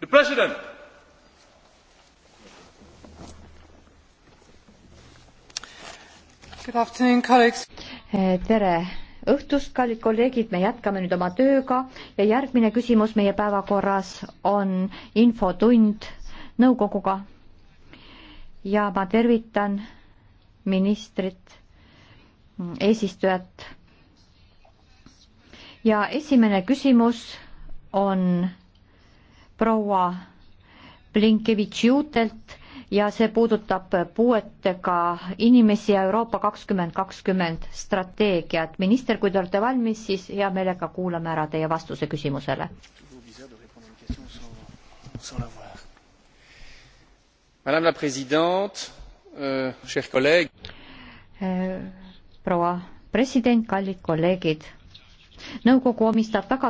The President. Good afternoon, colleagues. Eh, tere õhtust, kallid kolleegid, me jätkame nüüd oma tööga ja järgmine küsimus meie päevakorras on infotund nõukoguga. ja ma tervitan ministrit, mm, eesistujat. ja esimene küsimus on proua Blinkevitšiutelt ja see puudutab puuetega inimesi ja Euroopa kakskümmend kakskümmend strateegiat. minister, kui te olete valmis, siis hea meelega kuulame ära teie vastuse küsimusele. Madame la présidente euh,, chers collègues. Euh, proua president, kallid kolleegid. nõukogu omistab väga